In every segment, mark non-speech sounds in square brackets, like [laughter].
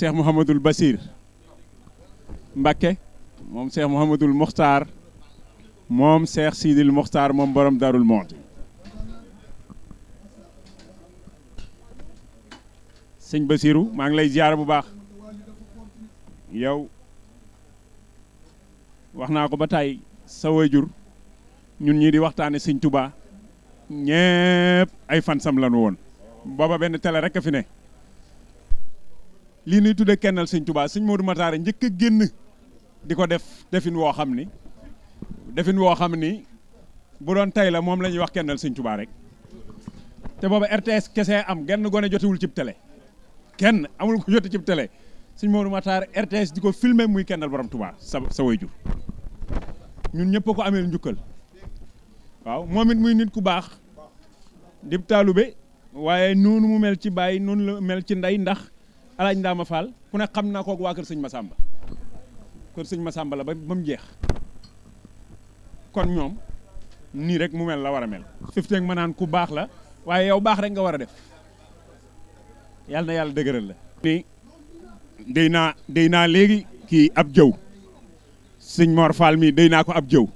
Cheikh Mouhamadul Basir Mbakke moom Cheikh Mouhamadul Mokhtar moom Cheikh Sidil Mokhtar moom boroom darul Mouhty sëñ Basiru maa ngi lay ziar bu baax yow wax naa ko ba tey sa waajur ñun ñii di waxtaane sëñ Touba ñëpp ay sam lañu woon booba benn télé rek a fi ne lii nuy tuddee kennal sëñ Touba sëñ Modou Matar njëkk a génn di ko def defin woo xam ni defin woo xam ni bu doon tey la moom la ñuy wax kennal sëñ Touba rek te booba RTS kese am genn gone jotewul cib tele kenn amul ko joti cib télé sëñ Modou Matar RTS di ko filmé muy kennal borom Touba sa sa way jur ñun ñëpp ko ameel njukkal waaw moom it muy nit ku baax dib taalube waaye noonu mu mel ci bàyyi noonu la mel ci ndey ndax alaaj ma faal ku ne xam naa kook waa kër ma Masamba kër sëñ Masamba la ba ba mu jeex kon ñoom nii rek mu mel la war a mel fifteeg ma naan ku baax la waaye yow baax rek nga war a def yàlla na yàlla dëgëral la ni day naa day naa léegi kii ab jëw sëñ Mor Fall mii day naa ko ab jëw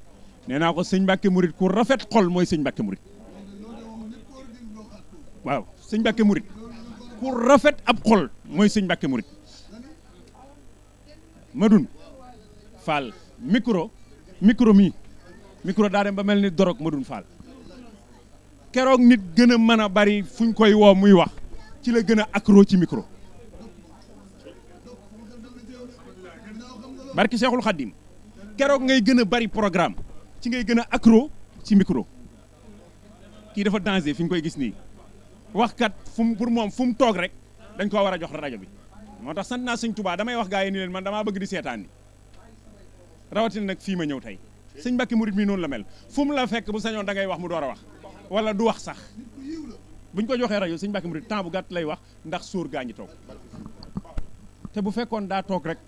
nee naa ko sëñ Mbàkke Murit ku rafet xol mooy sëñ Mbàkke Murit waaw sëñ Mbàkke Murit ku rafet ab xol mooy sëñ Mbàkke Murit Madoune Fall micro micro mii micro daa dem ba mel ni dorog Madoune Fall keroog nit gën a mën a bari fuñ koy woo muy wax ci la gën a accro ci micro barki Seexul Xaddim keroog ngay gën a bari programme ci ngay gën a accro ci micro kii dafa danger fi ñu koy gis nii waxkat fu mu pour moom fu mu toog rek dañ koo war a jox rajo bi moo tax sant naa sëñ tubaa damay wax gaa yi ni leen man damaa bëgg di seetaan rawatin nag fii ma ñëw tey sëñ Mbacke Murit mi noonu la mel fu mu la fekk bu sañoon da ngay wax mu door a wax wala du wax sax buñ ko joxee rajo siñ Mbacke Murit temps bu gàtt lay wax ndax sóor gaa ñi toog te bu fekkoon daa toog rek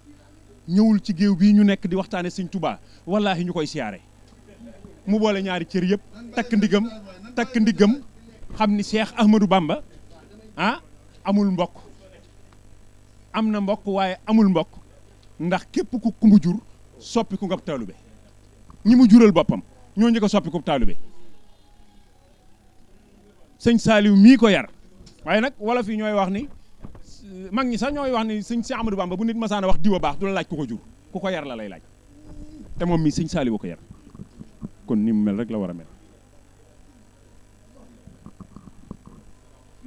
ñëwul ci géew bii ñu nekk di waxtaane sëñ tubaa wallaahi ñu koy siyaare mu boole ñaari cër yëpp takk ndigam takk ndigam xam ni Cheikh Ahmadou bàmba ah amul mbokk am na mbokk waaye amul mbokk ndax képp ku ku mu jur soppi ku ngab taalube ñi mu jural boppam ñoo njëkk a soppi ku taalube sëñ Saaliw mii ko yar waaye nag wolof yi ñooy wax ni mag ñi sax ñooy wax ni sëñ si Ahmadou Bamba bu nit masaana wax diwa baax du la laaj ku ko jur ku ko yar la lay laaj te moom mii sëñ Saaliw ko yar kon ni mu mel rek la war a mel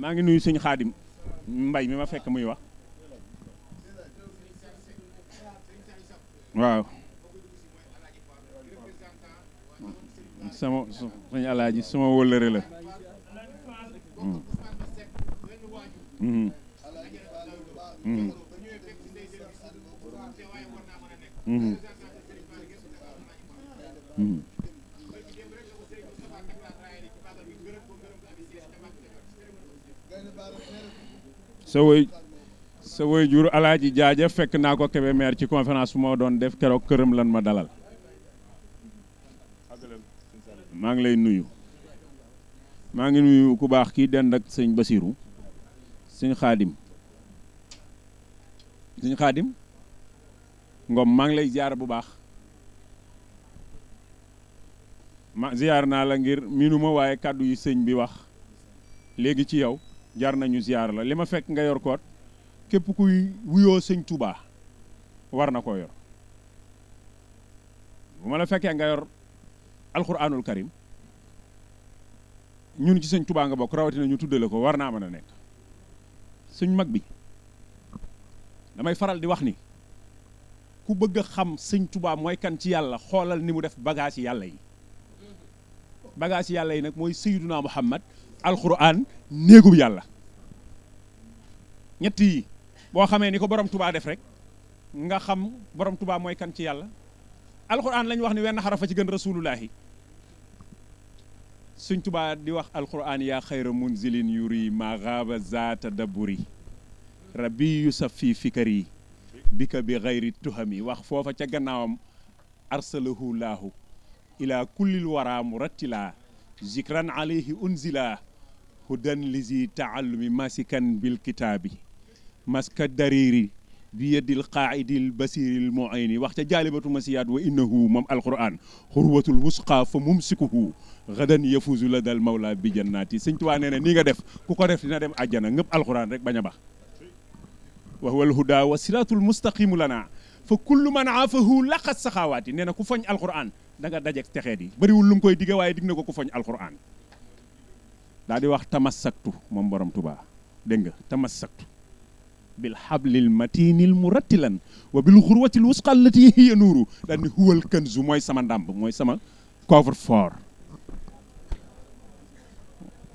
maa ngi nuyu suñ xaadim mbay mi ma fekk muy wax waaw sama suñu alaaji sama wóllëre la hmm. Hmm. sa way sa way jur alaaji jaaja fekk naa ko kebe maire ci conférence bu moo doon def keroog këram lan ma dalal maa ngi lay nuyu maa ngi nuyu ku baax kii dend ak sëñ Basiru sëñ Xaadim sëñ Xaadim Ngom maa ngi lay ziar bu baax ma ziar naa la ngir miinuma waaye kàddu yi sëñ bi wax léegi ci yow jar nañu ziar la li ma fekk nga yor koot képp kuy wuyoo sëñ Touba war na koo yor bu ma la fekkee nga yor alxuraanul karim ñun ci sëñ Touba nga bokk rawatina ñu tuddale ko war naa mën a nekk suñ mag bi damay faral di wax ni ku bëgg xam sëñ Touba mooy kan ci yàlla xoolal ni mu def bagage yàlla yi bagage yàlla yi nag mooy Sayyiduna Muhammad alxuraan néegub yàlla ñett yi boo xamee ni ko borom tubaa def rek nga xam borom tubaa mooy kan ci yàlla alxuraan lañu wax ni wenn xarafa ci gën rasulullahi suñ tubaa di wax alxuraan yaa xayra munzilin yuri ma gaaba zaata daburi rabbi yusaf fi fikari bika bi xayri tuhami wax foofa ca gannaawam arsalahu laahu ila kullil waraa murattilaa zikran alayhi unzila hudan lizi taallumi masikan bil kitaabi maska dariri bi yeddil qaaidil basiril muayni wax ca jaalibatu masiyaat wa innahu moom alquran xurwatul wusqa fa mumsikuhu gadan yafuzu la dal bi jannaati sëñ Tuubaa nee na nga def ku ko def dina dem àjjana ngëpp alquran rek bañ a bax wa huwa alhuda wa siraatul mustaqimu lana fa kullu man aafahu laqat saxaawaati nee na ku foñ alquran da nga dajeek texeet yi bëriwul lu mu koy digge waaye dig na ko ku foñ alquran daa di wax tamassaktu moom borom tubaa dégg nga tamassaktu bil xablil matinil murattilan wa bil xurwatil wusqa allati hiya nuuru daal ni huwal kanzu mooy sama ndàmb mooy sama coffre fort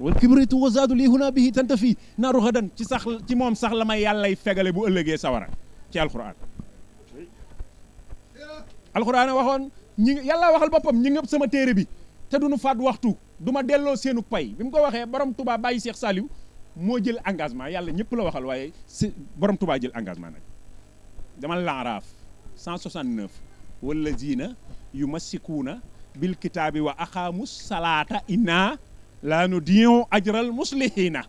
wal kibritu wa zaadu lii huna bihi tantafi naaru xadan ci sax ci moom sax la may yàllay fegale bu ëllëgee sawara ci alquran alquran a waxoon ñi waxal boppam ñi ngëpp sama téere bi te duñu faat waxtu du ma delloo seenu pay bi mu ko waxee borom tubaa bàyyi Cheikh Saliou moo jël engagement yàlla ñëpp la waxal waaye si borom tubaa jël engagement nag dama laaraaf 169 wala na yu masikuuna bil kitaabi wa axaamu salaata inna laa nu diyon ajral muslihina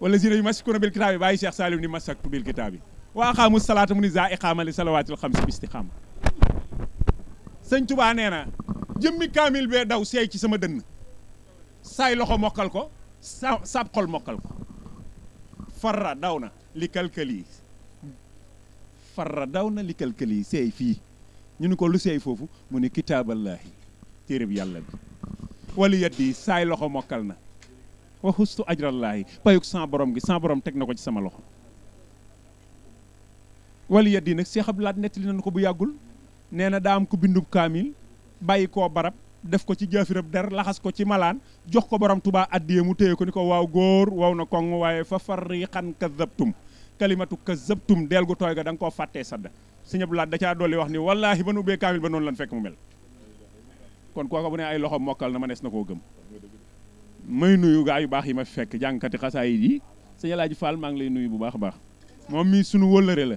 wala ziina yu masikuuna bil kitaabi bàyyi Cheikh Saliou ni masaktu bil kitaabi wa axaamu salaata mu ni za iqaama li salawaatil xamsi bi istixaama sëñ Touba nee na jëmmi kaamil bee daw seey ci sama dënn saay loxo mokkal ko sa saab xol mokkal ko farra daw na li kalkal yi daw na li yi seey fii ñu ni ko lu seey foofu mu ni kitaaballaahi téereb yàlla bi wala yaddi saay loxo mokkal na wa xustu ajrallaahi payuk sans borom gi sans borom teg na ko ci sama loxo wala yi nag Seex Abdu Laat nettali nañu ko bu yàggul nee na daa am ku bindub kaamil bàyyi koo barab def ko ci jaafirab der laxas ko ci malaan jox ko borom tubaa addiyee mu téye ko ni ko waaw góor waw na koŋ waaye fa xan farriqan kazabtum kalimatu kazabtum del gu tooy ga danga nga koo fàttee sadda sëñ Abdu Laat da caa dolli wax ni wallaahi ba nu ubbee kaamil ba noonu lan fekk mu mel kon kooka bu ne ay loxo mokkal na ma nees na koo gëm may nuyu gaa yu baax yi ma fekk jàngkati xasaayit yi sëñ Alaaji Fall maa ngi lay nuyu bu baax baax moom mii sunu wëllëre la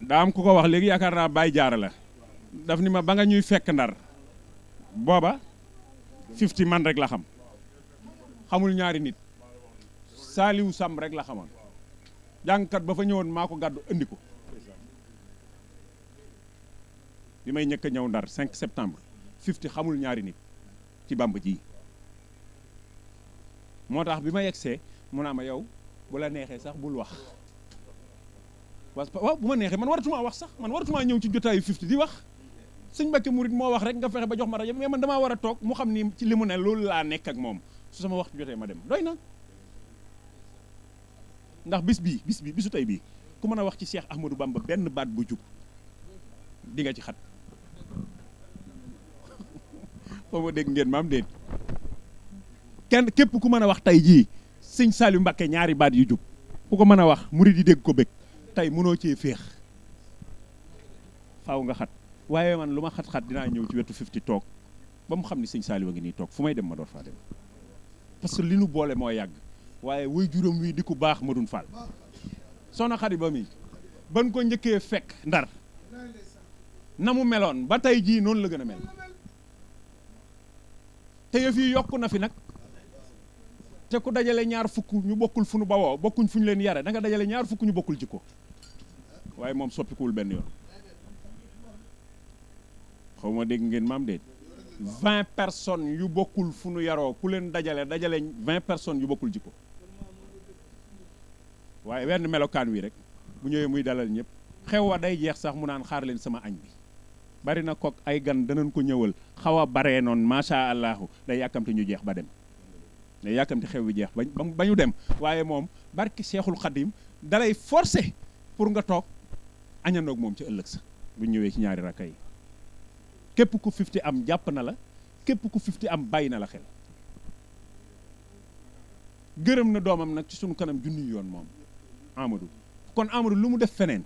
daa am ku ko wax léegi yaakaar naa bàyyi jaara la daf ni ma ba nga ñuy fekk ndar booba fifty man rek la xam xamul ñaari nit saaliwu sàmm rek la xamoon jàngkat ba fa ñëwoon maa ko gàddu andi ko bi may ñëkk ñëw ndar 5 septembre fifty xamul ñaari nit ci bàmb ji moo tax bi ma yegsee mu naa ma yow bu la neexee sax bul wax waaw bu ma neexee man waratumaa wax sax man waratumaa ñëw ci jotaayu fifty di wax sëñ Mbàkke murit moo wax rek nga fexe ba jox ma rajo mais man damaa war a toog mu xam ni ci li mu ne loolu laa nekk ak moom su sama waxtu jotee ma dem doy na ndax bis bi bis bii bisu tey bii ku mën a wax ci Cheikh Ahmadou Bamba benn baat bu jub di nga ci xat [laughs] foo dégg ngeen maam déet kenn képp ku mën a wax tey jii sëñ Saliou Mbàkke ñaari baat yu jub ku ko mën a wax murit yi dégg ko bëgg tey mënoo cee féex faw nga xat waaye man lu ma xat-xat dinaa ñëw ci wetu fifty toog ba mu xam ne sëñ Saliou a ngi nii toog fu may dem ma door faa dem parce que li nu boole moo yàgg waaye way juróom wi di ku baax ma dun faal soxna xarit ba mi ban ko njëkkee fekk ndar na mu meloon ba tey jii noonu la gën a mel te yëf yi yokku na fi nag te ku dajale ñaar fukk ñu bokkul fu nu bawoo bokkuñ fu ñu leen yare da nga dajale ñaar fukk ñu bokkul jikko waaye moom soppikuwul benn yoon xaw ma dégg ngeen maam déet vingt personnes yu bokkul fu nu yaroo ku leen dajale dajale vingt personnes yu bokkul jikko waaye wenn melokaan wi rek bu ñëwee muy dalal ñëpp xew wa day jeex sax mu naan xaar leen sama añ bi bari na kook ay gan danañ ko ñëwal xaw a baree noonu macha allahu day yàkkamti ñu jeex ba dem day yàkkamti xew bi jeex ba ba ñu dem waaye moom barki seexul xadim dalay forcer pour nga toog añandoog moom ci ëllëg sax bu ñëwee ci ñaari rakka yi képp ku fifty am jàpp na la képp ku fifty am bàyyi na la xel gërëm na doomam nag ci sunu kanam junni yoon moom Amadou kon Amadou lu mu def feneen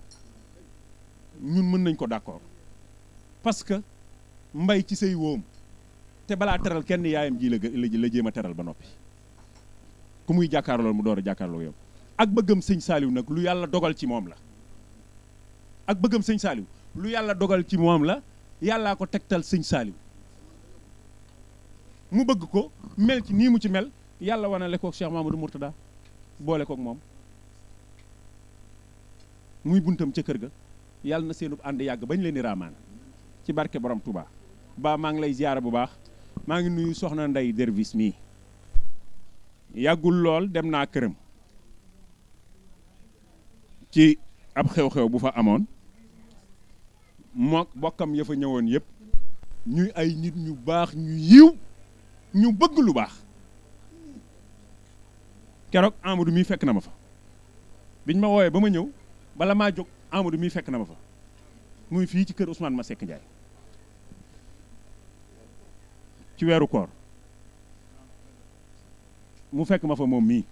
ñun mën nañ ko d'accord parce que mbay ci say wóom te balaa teral kenn yaayam ji la la jéem a teral ba noppi ku muy jàkkaarlool mu door a jàkkaarloo yow ak bëggam sëñ Saaliw nag lu yàlla dogal ci moom la ak bëggam sëñ Saaliw lu yàlla dogal ci moom la yàllaa ko tegtal sëñ Saaliw mu bëgg ko mel ci nii mu ci mel yàlla wanale koog Cheikh Mamadou Mourtada boole koog moom muy buntam ca kër ga yàlla na seenub ànd yàgg bañ leen di raamaan ci barke borom Touba. ba maa ngi lay ziyaara bu baax maa ngi nuyu soxna Ndey Dervis mii yàggul lool dem naa këram ci ab xew-xew bu fa amoon mook bokkam ya fa ñëwoon yëpp ñuy ay nit ñu baax ñu yiw ñu bëgg lu baax keroog Amadou mii fekk na ma fa biñ ma wooyee ba ma ñëw bala maa jóg Amadou mii fekk na ma fa muy fii ci kër ma sekk Ndiaye ci weeru koor mu fekk ma fa moom mii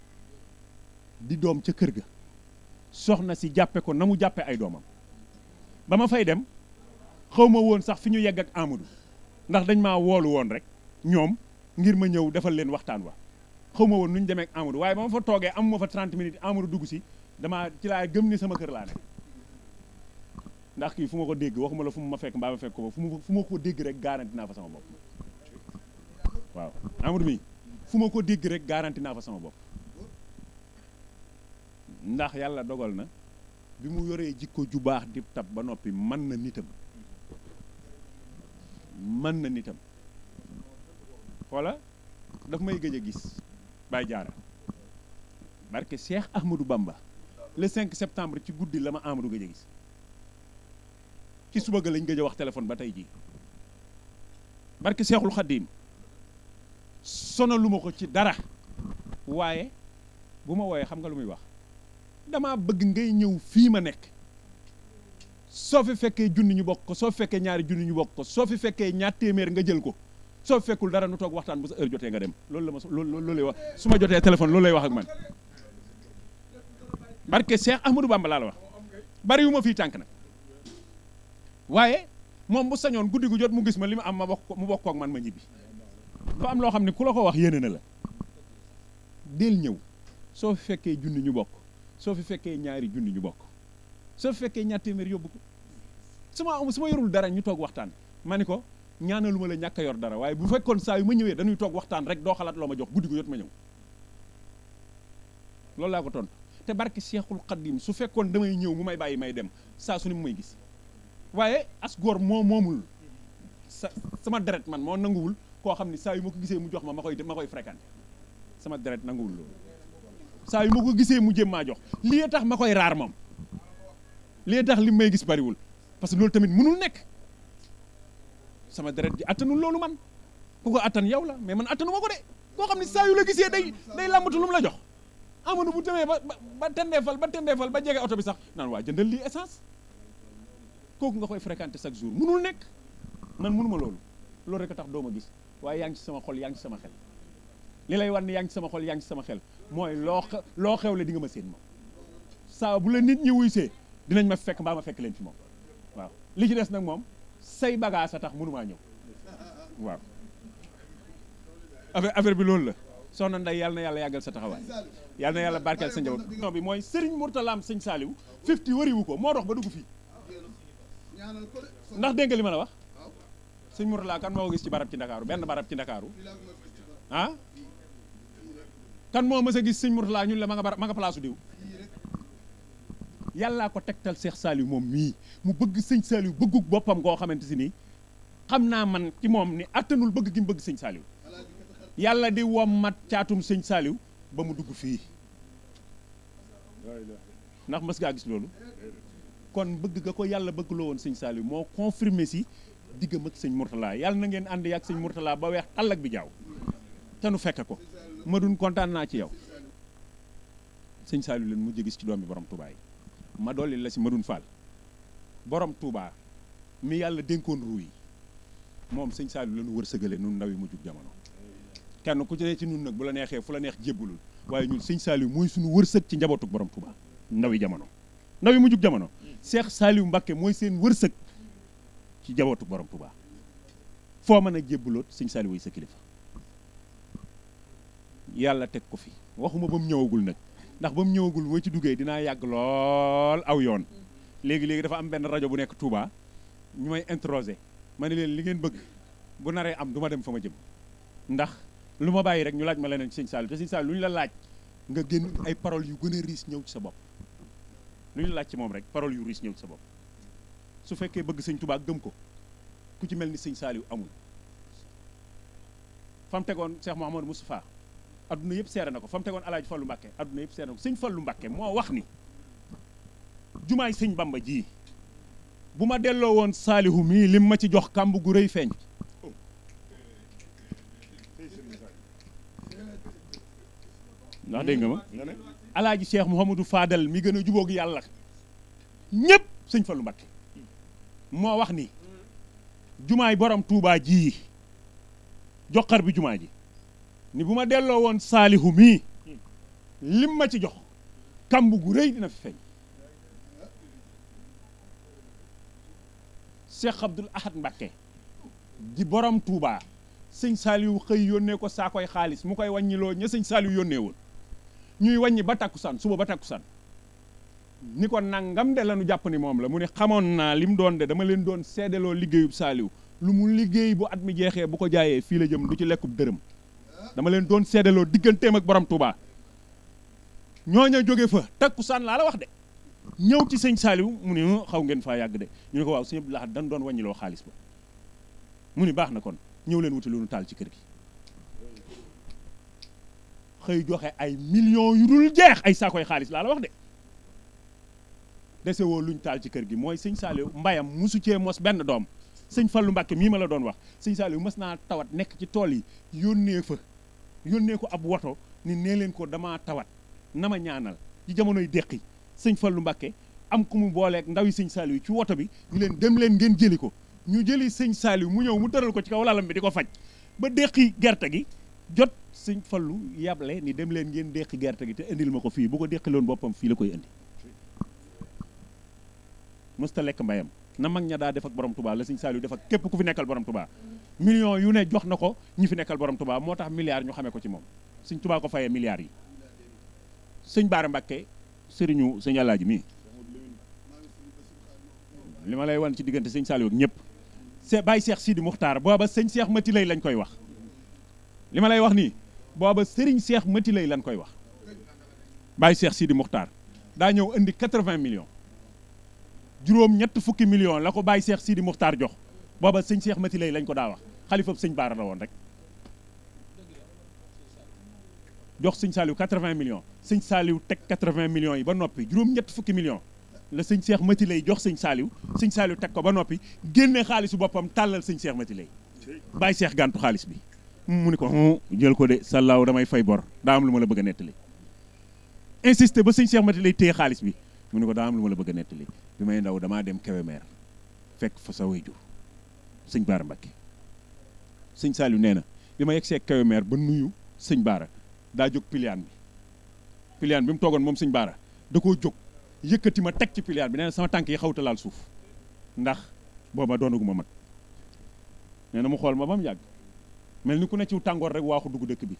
di doom ca kër ga soxna si jàppe ko na mu jàppe ay doomam ba ma fay dem xaw ma woon sax fi ñu yegg ak Amadou ndax dañ maa woolu woon rek ñoom ngir ma ñëw defal leen waxtaan wa xaw ma woon nu ñu demee ak Amadou waaye ba ma fa toogee am ma fa 30 minutes Amadou dugg si damaa ci laa gëm ni sama kër laa nekk ndax kii fu ma ko dégg waxuma la fu mu ma fekk mbaa ma fekk ko fu ma ko dégg rek garanti naa fa sama bopp waaw fu ma ko dégg rek naa fa sama bopp ndax yàlla dogal na bi mu yoree jikko ju baax di tab ba noppi mën na nitam mën na nitam xoola daf may gëj a gis Baye Diarra barke Cheikh Ahmadou Bamba le 5 septembre ci guddi la ma Amadou gëj a gis ci suba ga lañ gëj a wax téléphone ba tey jii barke Cheikhul Khadim sonaluma ko ci dara waaye bu ma wooyee xam nga lu muy wax damaa bëgg ngay ñëw fii ma nekk. soo fi fekkee junni ñu bokk ko soo fi fekkee ñaari junni ñu bokk ko soo fi fekkee ñaar téeméer nga jël ko soo fekkul dara nu toog waxtaan bu sa heure dem loolu la ma loolu lay wax su ma jotee téléphone loolu lay wax ak man barke Cheikh Ahmadou ma fii tànk nag waaye moom bu sañoon guddi gu jot mu gis ma li ma am ma wax ko mu bokk man ma ñibbi dafa loo xam ne ku la ko wax yéene la del ñëw soo fi fekkee junni ñu bokk soo fi fekkee ñaari junni ñu bokk soo fekkee ñaar téeméer yóbbu ko su ma su ma yorul dara ñu toog waxtaan ma ni ko ñaanalu ma la ñàkk a yor dara waaye bu fekkoon saa yu ma ñëwee dañuy toog waxtaan rek doo xalaat loo ma jox guddi ko yot ma ñëw loolu laa ko tontu te barke Seexul Xaddim su fekkoon damay ñëw mu may bàyyi may dem saa su ne mu may gis waaye as góor moo moomul sa sama deret man moo nanguwul koo xam ne saa yu ma ko gisee mu jox ma ma koy ma koy fréquenté sama deret nanguwul loolu saa ko gisee mu jëm maa jox lii tax ma koy raar moom. lii tax li may gis bariwul parce que loolu tamit mënul nekk sama deret ji attanul loolu man ku ko attan yow la mais man attanu ma ko de koo xam ne saa yu la gisee day day làmbatu lu la jox amanu bu demee ba ba tendeefal ba tendeefal ba jege oto bi sax naan waa jëndal lii essence kooku nga koy fréquenter chaque jour mënul nekk man mënuma loolu loolu rek a tax doo ma gis waaye yaa ci sama xol yaa ci sama xel li lay wan ne yaa ci sama xol yaa ngi ci sama xel mooy loo loo xewle di nga ma seen moom saa bu la nit ñi wuy dinañ ma fekk mbaa ma fekk leen fi moom waaw li ci des nag moom say bagage a tax mënumaa ñëw waaw affaire affaire bi loolu la soxna ndey yàlla yàlla yàggal sa taxawaay yàlla na yàlla barkeel sa njaboot bi mooy Serigne Mourtalaam sëñ Saaliw fifty wariwu ko moo dox ba dugg fii ndax dégg li ma la wax sëñ Mourtala kan moo gis ci barab ci ndakaaru benn barab ci ndakaaru ah kan moo mës a gis sëñ Mourtala ñun la ma nga barab ma nga place diw yàllaa ko tegtal Cheikh Saliou moom mii mu bëgg sëñ Saliou bëggug boppam goo xamante si nii xam naa man ci moom ni àttanul bëgg gi mu bëgg sëñ Saliou yàlla di wommat caatum sëñ saaliw ba mu dugg fii ndax mës ngaa gis loolu kon bëgg ga ko yàlla bëgg loo woon sëñ Saliou moo confirmé si diggam ak sëñ Mourtala yàlla na ngeen ànd yaag sëñ Mourtala ba weex tàllak bi jaaw te nu fekke ko ma dun kontaan naa ci yow sëñ Saliou leen mu mujj gis ci doom bi borom Tuubaa ma dolli la ci Madoune Fall borom Touba mi yàlla dénkoon ruuy moom sëñ Saliou lanu ñu wërsëgale nun ndaw yi mu jug jamono kenn ku ci ne ci nun nag bu la neexee fu la neex jébbalul waaye ñun sëñ Saliou muy suñu wërsëg ci njabootuk borom Touba ndaw yi jamono ndaw yi mu jug jamono Cheikh Saliou mbakke mooy seen wërsëg ci njabootuk borom Touba foo mën a jébbaloot sëñ Saliou way sa kilifa yàlla teg ko fi waxuma ba mu ñëwagul nag ndax ba mu ñëwagul woo ci duggee dinaa yàgg lool aw yoon léegi léegi dafa am benn rajo bu nekk Touba ñu may introsé ma ne leen li ngeen bëgg bu naree am du dem fa ma jëm ndax lu ma bàyyi rek ñu laaj ma leneen ci sëñ Saliou te sëñ Saliou lu ñu la laaj nga génn ay paroles yu gën a riis ñëw ci sa bopp lu ñu la laaj ci moom rek parole yu riis ñëw ci sa bopp su fekkee bëgg sëñ Touba gëm ko ku ci mel ni sëñ Saliou amul fam tegoon Cheikh Mouhamadou Moustapha adduna yëpp seere na ko fa mu tegoon alaaji fallu mbàkke adduna yëpp seere na ko sëñ fallu mbàkke moo wax ni jumaay sëñ bamba ji bu ma delloo woon saalihu mii lim ma ci jox kàmb gu rëy feeñ ndax dégg nga ma alaaji cheikh mouhamadou fadal gën a jubóog yàlla ñépp sëñ fallu moo wax ni jumaay borom tuubaa ji joxar bi jumaa ji ni bu ma delloo woon saalihu mii lim ma ci jox kamb gu rëy dina fi feeñ Cheikh Abdoul Ahad Mbacké di borom Touba sëñ saalihu xëy yónnee ko saa koy xaalis mu koy wàññiloo ña sëñ saalihu yónnee woon ñuy wàññi ba takkusaan suba ba takkusaan ni ko nangam de la nu jàpp ni moom la mu ne xamoon naa lim doon de dama leen doon seddaloo liggéeyub saalihu lu mu liggéey bu at mi jeexee bu ko jaayee fii la jëm lu ci lekkub dërëm dama leen doon seedaloo digganteem ak borom ñoo ñooña jóge fa takkusaan laa la wax de ñëw ci sëñ Saliou mu ne xaw ngeen fa yàgg de ñu ne ko waaw sëñ dañ doon wàññiloo xaalis ba baax na kon ñëw leen wuti lu nu taal ci kër gi xëy joxe ay millions yu dul jeex ay saakoy xaalis laa la wax de dese woo luñ taal ci kër gi mooy sëñ Saliou mbayam musu cee mos benn doom sëñ Fallou Mbacke mii ma la doon wax sëñ Saliou mos naa tawat nekk ci tool yi yónnee fa yónnee ko ab woto ni nee leen ko damaa tawat na ma ñaanal ci jamonoy deqi sëñ Fallou Mbakke am ku mu booleeg ndaw yi sëñ Saliou ci woto bi ñu leen dem leen ngeen jëli ko ñu jëli sëñ Saliou mu ñëw mu tëral ko ci kaw lalam bi di ko faj ba deqi gerte gi jot sëñ fal lu yable ni dem leen ngeen deqi gerte gi te indil ma ko fii bu ko deqiloon boppam fii la koy indi mësta lekk mbayam na mag ña daa def ak borom tubaa la sëñ Saliou def ak képp ku fi nekkal borom tubaa million yu ne jox na ko ñi fi nekkal borom Touba moo tax milliards ñu xamee ko ci moom sëñ Touba ko fayee milliards yi sëñ Baara Mbàkke sëriñu sëñ Alaaji mii li ma lay wan ci diggante sëñ Saliou ak ñëpp se bàyyi Seex Sidi Muxtaar booba sëñ Seex Mati lay lañ koy wax li ma lay wax nii booba sëriñ Seex Mati lay lañ koy wax bàyyi Seex sii di Muxtaar daa ñëw indi 80 millions juróom ñett fukki million la ko bàyyi Seex di Muxtaar jox booba sëñ Cheikh Mati lay lañ ko daa wax xalifab sëñ Baara woon rek jox sëñ Saliou 80 millions sëñ Saliou teg 80 millions yi ba noppi juróom fukki millions la sëñ Cheikh Mati lay jox sëñ Saliou sëñ Saliou teg ko ba noppi génne xaalisu boppam tàllal sëñ Cheikh Mati lay baay seex gàntu xaalis bi mu ni ko jël ko de sallaaw damay fay bor daa am lu ma la bëgg a nettali insisté ba sëñ Cheikh Mati lay tey xaalis bi mu ni ko daa am lu ma la bëgg a nettali bi may ndaw damaa dem Kébémer fekk fa sa waajur sëñ Baara Mbacke sëñ Saliou nee na bi ma yegsee Kébémer ba nuyu sëñ Baara daa jóg piliaan bi piliaan bi mu toogoon moom sëñ Baara da koo jóg yëkkati ma teg ci piliaan bi nee sama tànk yi xawta laal suuf ndax booba doonaguma mag nee na mu xool ma ba mu yàgg mel ni ku ne ci tàngoor rek waaxu dugg dëkk bi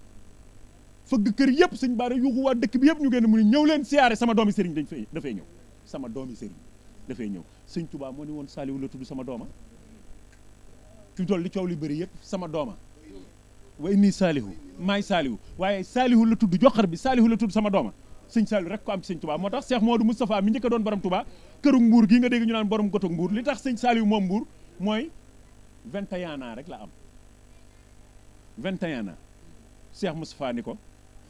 fëgg kër yëpp sëñ Baara yuuxu waa dëkk bi yëpp ñu génn mu ni ñëw leen siyaare sama doomi sëriñ dañ fay dafay ñëw sama doomi sëriñ dafay ñëw sëñ Touba moo ni woon Saliou la tudd fi mu li coow li bëri yëpp sama dooma way nii saalihu maay saalihu waaye saalihu la tudd joxar bi saalihu la tudd sama dooma sëñ saalihu rek ko am ci sëñ moo tax Cheikh Modou Moustapha mi njëkk a doon borom tubaa këru mbuur gii nga naan borom goto mbuur li tax sëñ saalihu moom mbuur mooy 21 ans rek la am 21 ans Cheikh Moustapha ni ko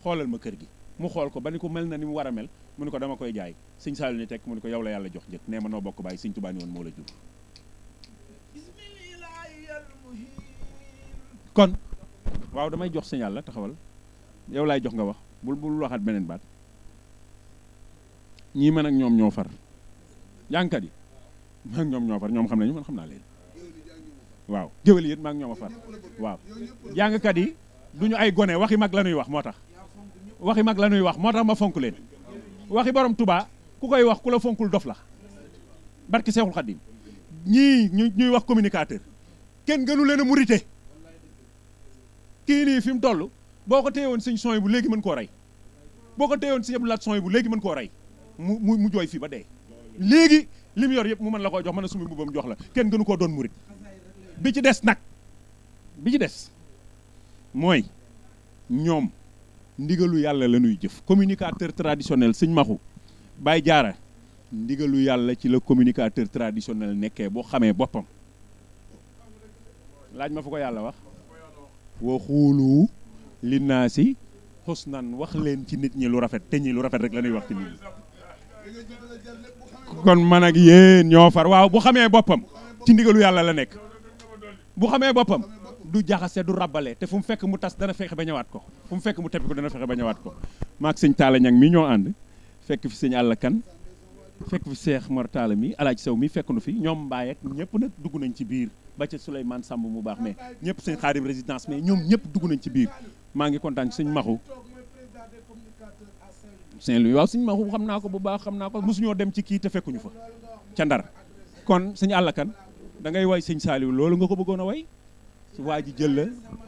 xoolal ma kër gi mu xool ko ba ni ko mel na ni mu war a mel mu ni ko dama koy jaay sëñ saalihu ni tekk mu ni ko yow la yàlla jox njëkk nee ma noo bokk bàyyi sëñ tubaa ni woon moo la jur kon waaw damay jox signal la taxawal yow laay jox nga wax bul bul waxaat beneen baat ñii man ak ñoom ñoo far jàngkat yi man ak ñoom ñoo far ñoom xam nañu man xam naa waaw géwél yéen maa ngi ñoom a far waaw jàngkat yi duñu ay gone waxi mag la ñuy wax moo tax waxi mag la ñuy wax moo tax ma fonk leen waxi borom tubaa ku koy wax ku la fonkul dof la barki seexul xaddim ñii ñuy wax communicateur kenn gënu leen a murite kii nii fi mu toll boo ko téyewoon sëñ son bu léegi mën koo rey boo ko téyewoon sëñ laat son bu léegi mën koo rey mu mu mu jooy fii ba dee léegi li yor yëpp mu mën la ko jox mën a sumi mbubbam jox la kenn gënu ko doon murit bi ci des nag bi ci des mooy ñoom ndigalu yàlla la ñuy jëf communicateur traditionnel sëñ maxu Baye Jaara ndigalu yàlla ci la communicateur traditionnel nekkee boo xamee boppam laaj ma fu ko yàlla wax wa xuulu li naa si xusnan wax leen ci nit ñi lu rafet te ñi lu rafet rek la ñuy wax ci nit ñi kon man ak yéen ñoo far waaw bu xamee boppam ci ndigalu yàlla la nekk bu xamee boppam du jaxase du rabale te fu mu fekk mu tas dana fexe ba ñëwaat ko fu mu fekk mu teppi ko dana fexe ba ñëwaat ko maak sëñ Talla Ñang mi ñoo ànd fekk fi sëñ Alla Kan fekk fi Seex Mor Talla mi Alaaji sew mi fekk nu fi ñoom mbaay ak ñëpp nag dugg nañ ci biir ba ca Souleymane Samb mu baax mais ñëpp sëñ xaadim résidence mais ñoom ñëpp dugg nañ ci biir maa ngi kontaan sëñ maxu Saint-Louis waaw sëñ maxu xam naa ko bu baax xam naa ko mosuñoo dem ci kii te fekkuñu fa ca ndar kon sëñ àllakan da ngay way sëñ saaliw loolu nga ko bëggoon a way waa ji jël la